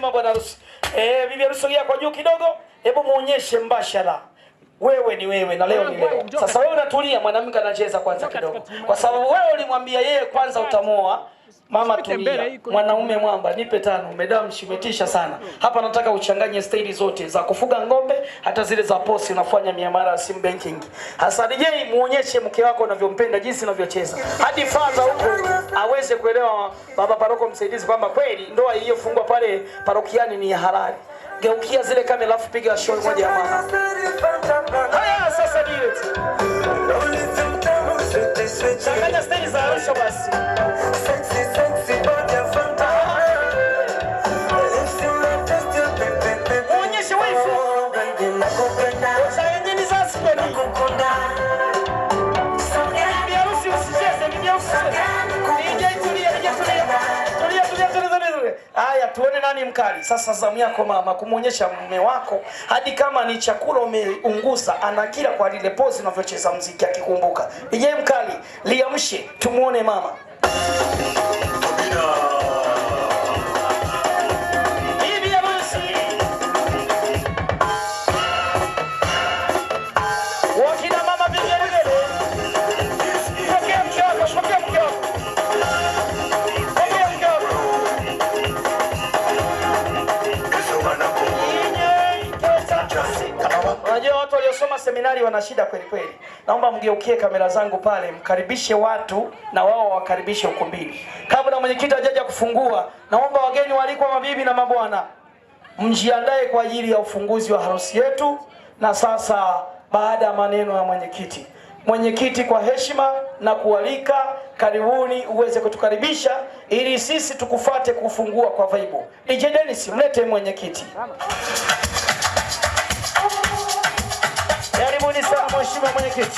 nyuma bwana harusi. Eh, bibi harusi sogea kwa juu kidogo. Hebu muonyeshe mbashara. Wewe ni wewe na leo ni leo. Sasa wewe unatulia, mwanamke anacheza kwanza kidogo. Kwa sababu wewe ulimwambia yeye kwanza utamoa Mama tulia, mwanaume mwamba, nipe tano. Medamu mshimetisha sana hapa, nataka uchanganye staili zote za kufuga ng'ombe, hata zile za posi, unafanya miamala ya sim banking. Hasa DJ, muonyeshe mke wako unavyompenda, jinsi unavyocheza, hadi faza huko aweze kuelewa, baba paroko msaidizi, kwamba kweli ndoa iliyofungwa pale parokiani ni ya halali. Geukia zile kamera, alafu piga show moja ya mama. Haya sasa, direct changanya staili za Arusha basi. tuone nani mkali. Sasa zamu yako mama kumwonyesha mume wako, hadi kama ni chakula umeunguza, anakila kwa lile pozi unavyocheza mziki, akikumbuka. Ije mkali liamshe, tumuone mama Unajua watu waliosoma seminari wana shida kweli kweli. Naomba mgeukie kamera zangu pale, mkaribishe watu na wao wakaribishe ukumbini. Kabla mwenyekiti hajaja kufungua, naomba wageni walikuwa mabibi na mabwana, mjiandae kwa ajili ya ufunguzi wa harusi yetu. Na sasa baada ya maneno ya mwenyekiti, mwenyekiti kwa heshima na kualika, karibuni uweze kutukaribisha ili sisi tukufate kufungua kwa vaibu. DJ Dennis, mlete mwenyekiti. Mheshimiwa Mwenyekiti.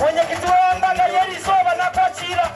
Mwenyekiti wembagalieri izoba nakwakira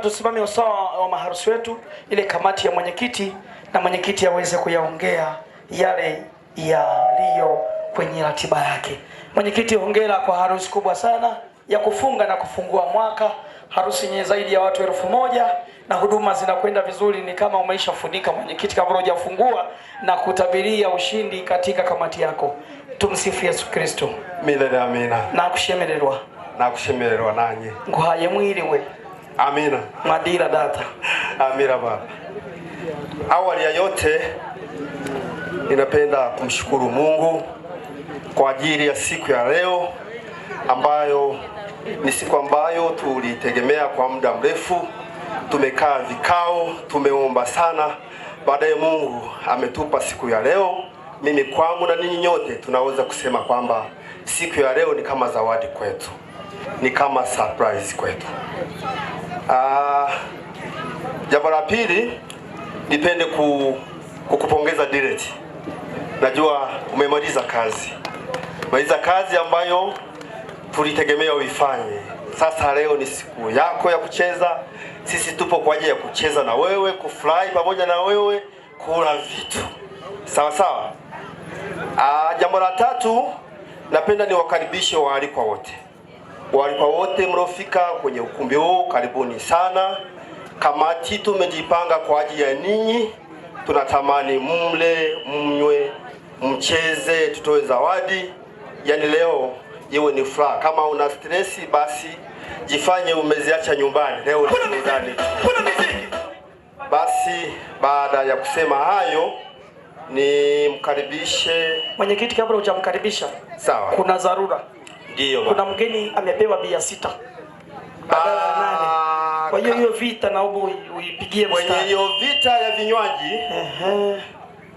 lazima tusimame usawa wa maharusi wetu, ile kamati ya mwenyekiti na mwenyekiti aweze kuyaongea yale yaliyo kwenye ratiba yake. Mwenyekiti, hongera kwa harusi kubwa sana ya kufunga na kufungua mwaka, harusi yenye zaidi ya watu elfu moja na huduma zinakwenda vizuri. Ni kama umeishafunika mwenyekiti, kabla hujafungua na kutabiria ushindi katika kamati yako. Tumsifu Yesu Kristo milele. Amina. nakushemererwa nakushemererwa nanyi nguhaye mwiriwe Amina. Madira data. Amina baba. Awali ya yote ninapenda kumshukuru Mungu kwa ajili ya siku ya leo ambayo ni siku ambayo tulitegemea kwa muda mrefu. Tumekaa vikao, tumeomba sana, baadaye Mungu ametupa siku ya leo. Mimi kwangu na ninyi nyote tunaweza kusema kwamba siku ya leo ni kama zawadi kwetu, ni kama surprise kwetu. Ah, jambo la pili nipende ku, kukupongeza Direct. Najua umemaliza kazi, maliza kazi ambayo tulitegemea uifanye. Sasa leo ni siku yako ya kucheza. Sisi tupo kwa ajili ya kucheza na wewe, kufurahi pamoja na wewe, kula vitu sawa sawa. Ah, jambo la tatu napenda niwakaribishe waalikwa wote Waalikwa wote mliofika kwenye ukumbi huu, karibuni sana. Kamati tumejipanga kwa ajili ya ninyi, tunatamani mle, mnywe, mcheze, tutoe zawadi. Yani leo iwe ni furaha. Kama una stresi, basi jifanye umeziacha nyumbani leo ndani. Basi baada ya kusema hayo ni mkaribishe mwenyekiti. Kabla hujamkaribisha, sawa, kuna dharura Ndiyo. Kuna mgeni amepewa bia sita badala ya nane. Ah, Kwa hiyo hiyo vita naomba uipigie mstari. Kwenye hiyo vita ya vinywaji ehe,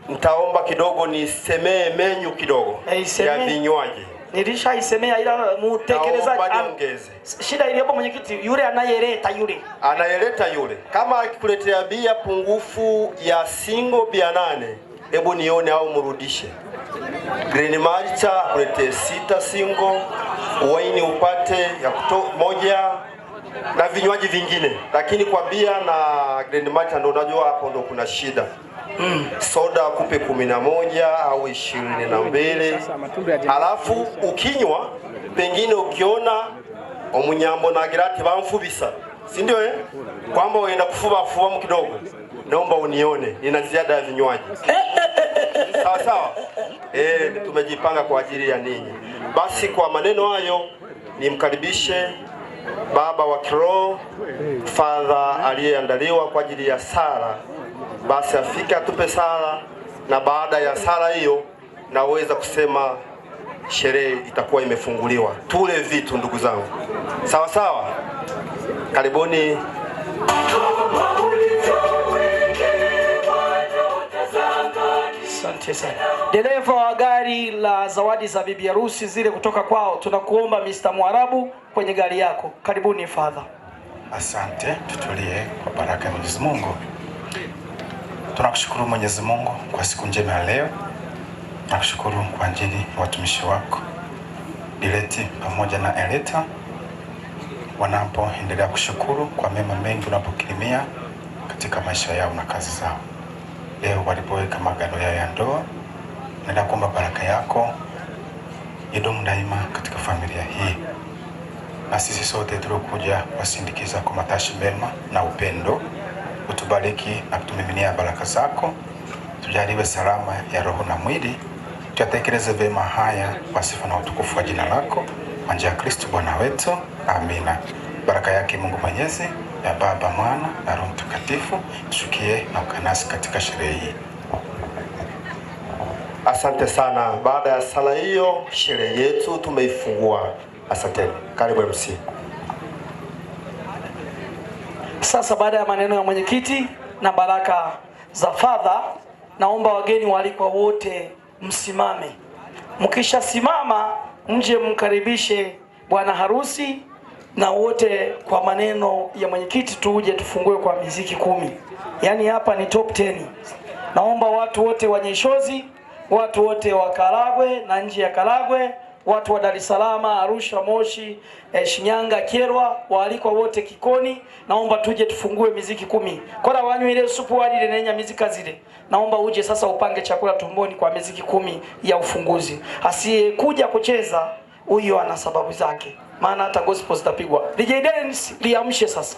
mtaomba kidogo nisemee menyu kidogo Eiseme. ya vinywaji nilishaisemea ila mutekelezaji niongeze. Ah, shida iliyopo mwenyekiti, yule anayeleta yule anayeleta yule, kama akikuletea bia pungufu ya singo bia nane hebu nione au mrudishe. Green Malta ulete sita singo, waini upate ya kuto, moja na vinywaji vingine, lakini kwa bia na Green Malta ndo unajua hapo ndo kuna shida. Mm. Soda kupe kumi na moja au ishirini na mbili alafu ukinywa pengine ukiona omunyambo na girati bamfubisa si ndio eh? kwamba uenda kufuba fubamu kidogo, naomba unione, nina ziada ya vinywaji eh, eh, sawa sawa. E, tumejipanga kwa ajili ya ninyi. Basi kwa maneno hayo nimkaribishe baba wa kiroho fadha aliyeandaliwa kwa ajili ya sala, basi afike atupe sala, na baada ya sala hiyo naweza kusema sherehe itakuwa imefunguliwa, tule vitu ndugu zangu, sawa sawa, karibuni. tisa. Dereva wa gari la zawadi za bibi harusi zile kutoka kwao, tunakuomba Mr. Mwarabu kwenye gari yako. Karibuni father. Asante, tutulie kwa baraka ya Mwenyezi Mungu. Tunakushukuru Mwenyezi Mungu kwa siku njema ya leo. nakushukuru kwa ajili ya watumishi wako Dileti pamoja na Eleta wanapoendelea kushukuru kwa mema mengi unapokirimia katika maisha yao na kazi zao leo eh, walipoweka magano yao ya ndoa, na kuomba baraka yako idumu daima katika familia hii na sisi sote tuliokuja wasindikiza kwa matashi mema na upendo, utubariki na kutumiminia baraka zako, tujaliwe salama ya roho na mwili, tuyatekeleze vyema haya kwa sifa na utukufu wa jina lako, kwa njia ya Kristo Bwana wetu, amina. Baraka yake Mungu Mwenyezi la Baba, Mwana na Roho Mtakatifu shukie na ukanasi katika sherehe hii. Asante sana. Baada ya sala hiyo, sherehe yetu tumeifungua. Asanteni, karibu MC. Sasa baada ya maneno ya mwenyekiti na baraka za fadha, naomba wageni waalikwa wote msimame. Mkishasimama nje, mkaribishe bwana harusi na wote kwa maneno ya mwenyekiti tuje tufungue kwa miziki kumi, yaani hapa ni top 10. Naomba watu wote wa nyeshozi watu wote wa Karagwe na nje ya Karagwe, watu wa Dar es Salaam, Arusha, Moshi, eh, Shinyanga, Kyerwa, waalikwa wote Kikoni, naomba tuje tufungue miziki kumi. Kora wanywe ile supu wali ile nenya mizika zile. Naomba uje sasa upange chakula tumboni kwa miziki kumi ya ufunguzi. Asiyekuja kucheza huyo ana sababu zake, maana hata gospel zitapigwa. DJ Dance liamshe sasa.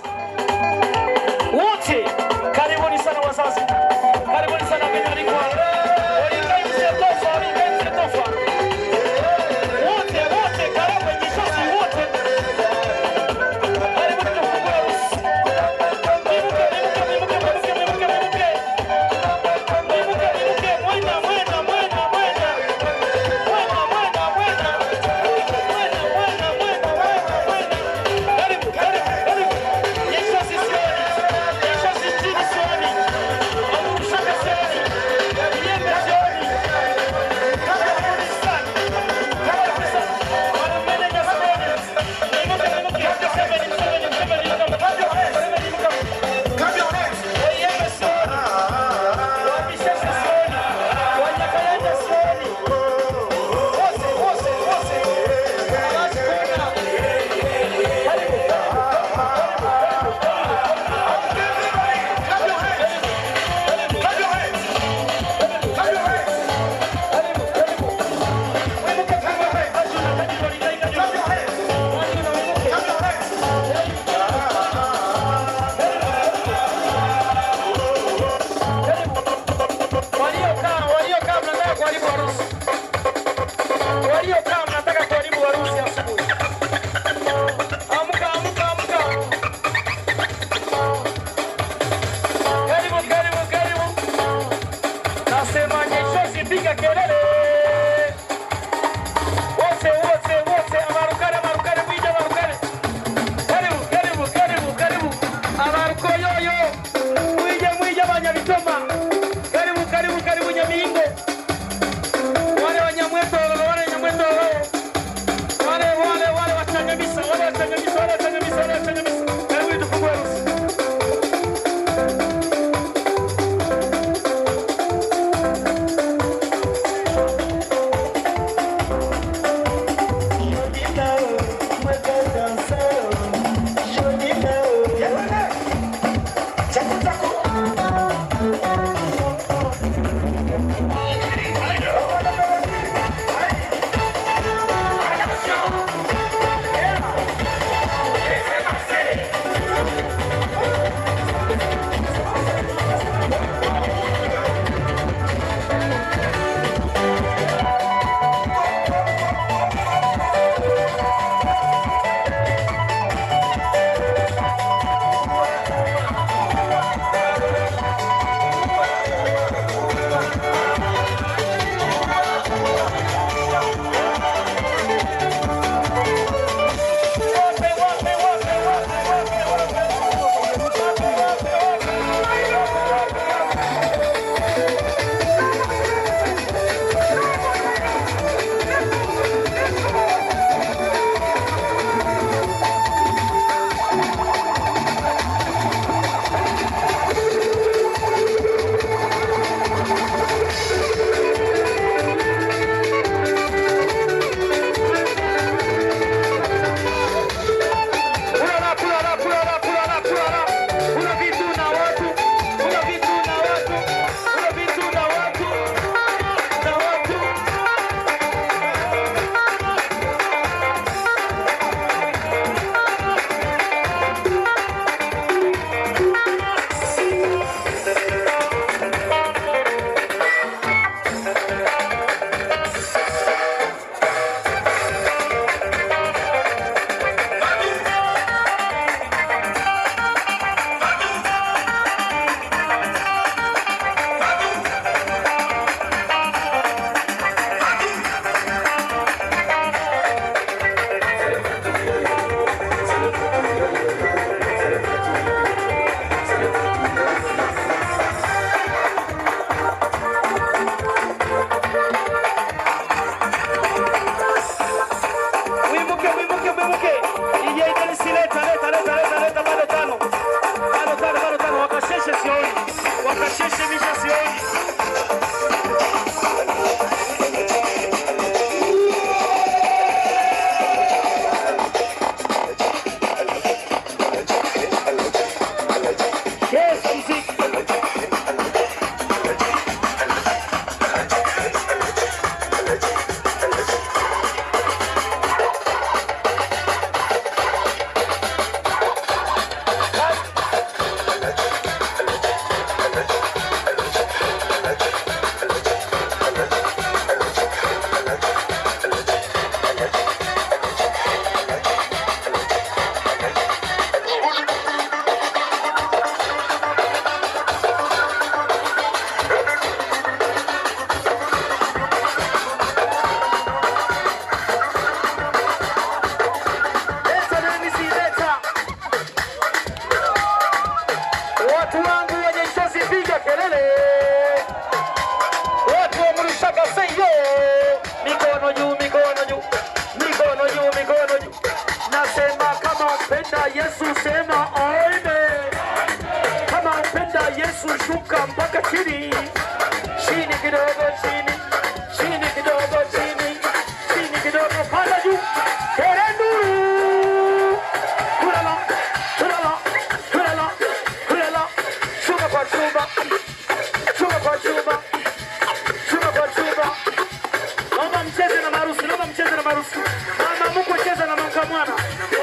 marufu mama mukucheza na mangamwana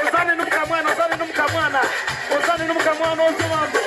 uzane numkamwana uzane numkamwana uzane numkamwana uziwambe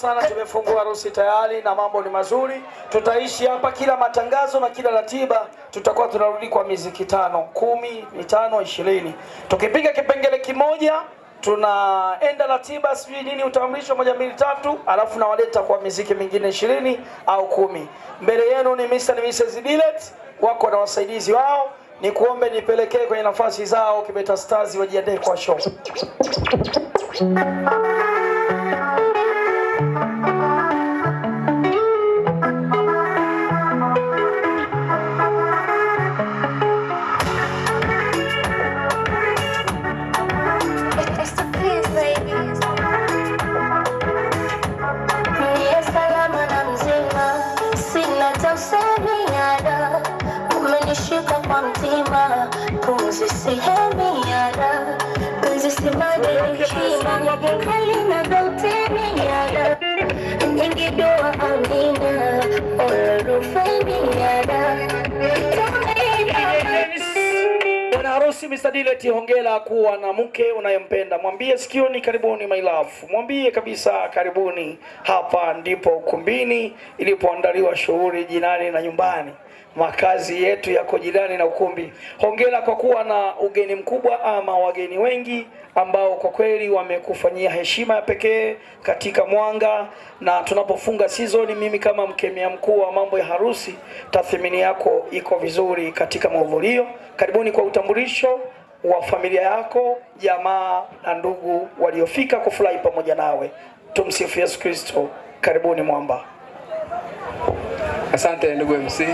sana, tumefungua harusi tayari na mambo ni mazuri. Tutaishi hapa kila matangazo na kila ratiba, tutakuwa tunarudi kwa miezi kitano, kumi, mitano, ishirini. Tukipiga kipengele kimoja tunaenda ratiba, sijui nini, utambulisho moja mbili tatu, alafu nawaleta kwa miziki mingine ishirini au kumi. Mbele yenu ni Mr. na Mrs. Dillet wako na wasaidizi wao, ni kuombe nipelekee kwenye nafasi zao. Kibeta Stars wajiandae kwa show. Mr. Dillet hongera kuwa na mke unayempenda. Mwambie sikioni karibuni my love. Mwambie kabisa karibuni. Hapa ndipo ukumbini ilipoandaliwa shughuli jinani na nyumbani makazi yetu yako jirani na ukumbi. Hongera kwa kuwa na ugeni mkubwa ama wageni wengi ambao kwa kweli wamekufanyia heshima ya pekee katika mwanga. Na tunapofunga season, mimi kama mkemia mkuu wa mambo ya harusi, tathmini yako iko vizuri katika mahudhurio. Karibuni kwa utambulisho wa familia yako, jamaa na ndugu waliofika kufurahi pamoja nawe. Tumsifu Yesu Kristo. Karibuni mwamba. Asante ndugu MC.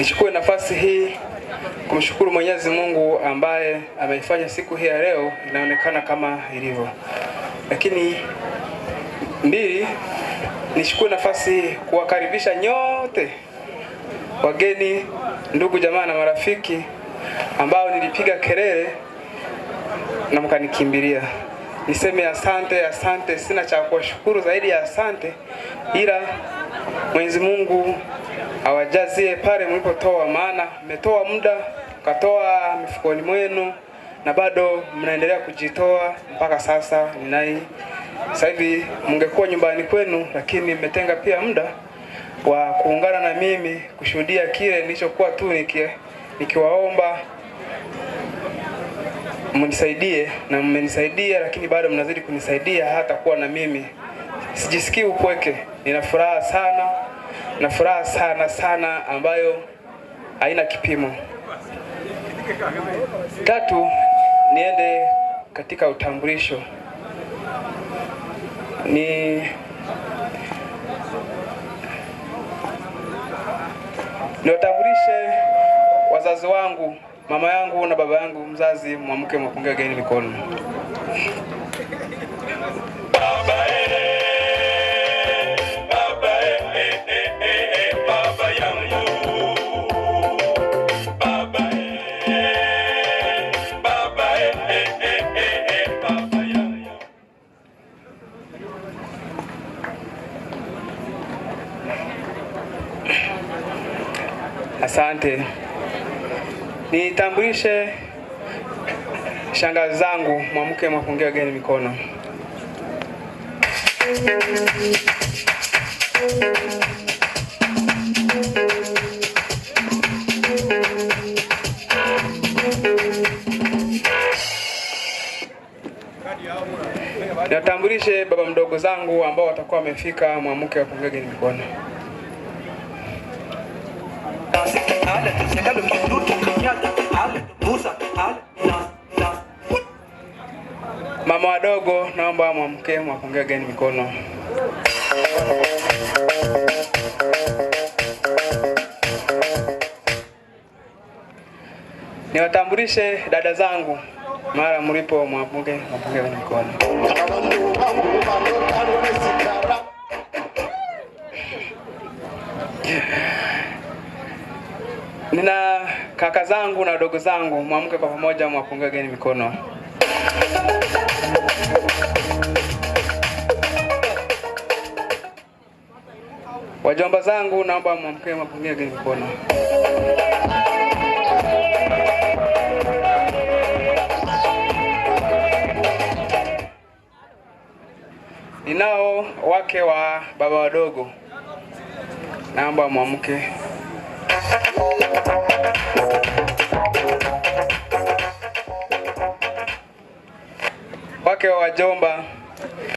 Nichukue nafasi hii kumshukuru Mwenyezi Mungu ambaye ameifanya siku hii ya leo inaonekana kama ilivyo. Lakini mbili, nichukue nafasi kuwakaribisha nyote wageni, ndugu, jamaa na marafiki ambao nilipiga kelele na mkanikimbilia. Niseme asante, asante. Sina cha kuwashukuru zaidi ya asante, ila Mwenyezi Mungu awajazie pale mlipotoa, maana mmetoa muda, mkatoa mifukoni mwenu na bado mnaendelea kujitoa mpaka sasa ninai. Sasa hivi mngekuwa nyumbani kwenu, lakini mmetenga pia muda wa kuungana na mimi kushuhudia kile nilichokuwa tu niki, nikiwaomba mnisaidie na mmenisaidia, lakini bado mnazidi kunisaidia hata kuwa na mimi. Sijisikii upweke, nina furaha sana na furaha sana sana ambayo haina kipimo. Tatu, niende katika utambulisho ni niwatambulishe wazazi wangu, mama yangu na baba yangu mzazi, mwamke Mwapunga geni Mikono. Asante. Nitambulishe shangazi zangu, mwamke mwapungia wageni mikono. Nitambulishe baba mdogo zangu ambao watakuwa wamefika, mwamke wapungia wageni mikono. Mama wadogo, naomba mwamke mwapunge geni mikono. Niwatambulishe dada zangu, mara mlipo mwapunge mwapunge geni mikono. Nina kaka zangu na wadogo zangu, mwamke kwa pamoja, mwapunge geni mikono. Wajomba zangu, naomba mwamke, mwapunge geni mikono. Ninao wake wa baba wadogo, naomba mwamke wake wa wajomba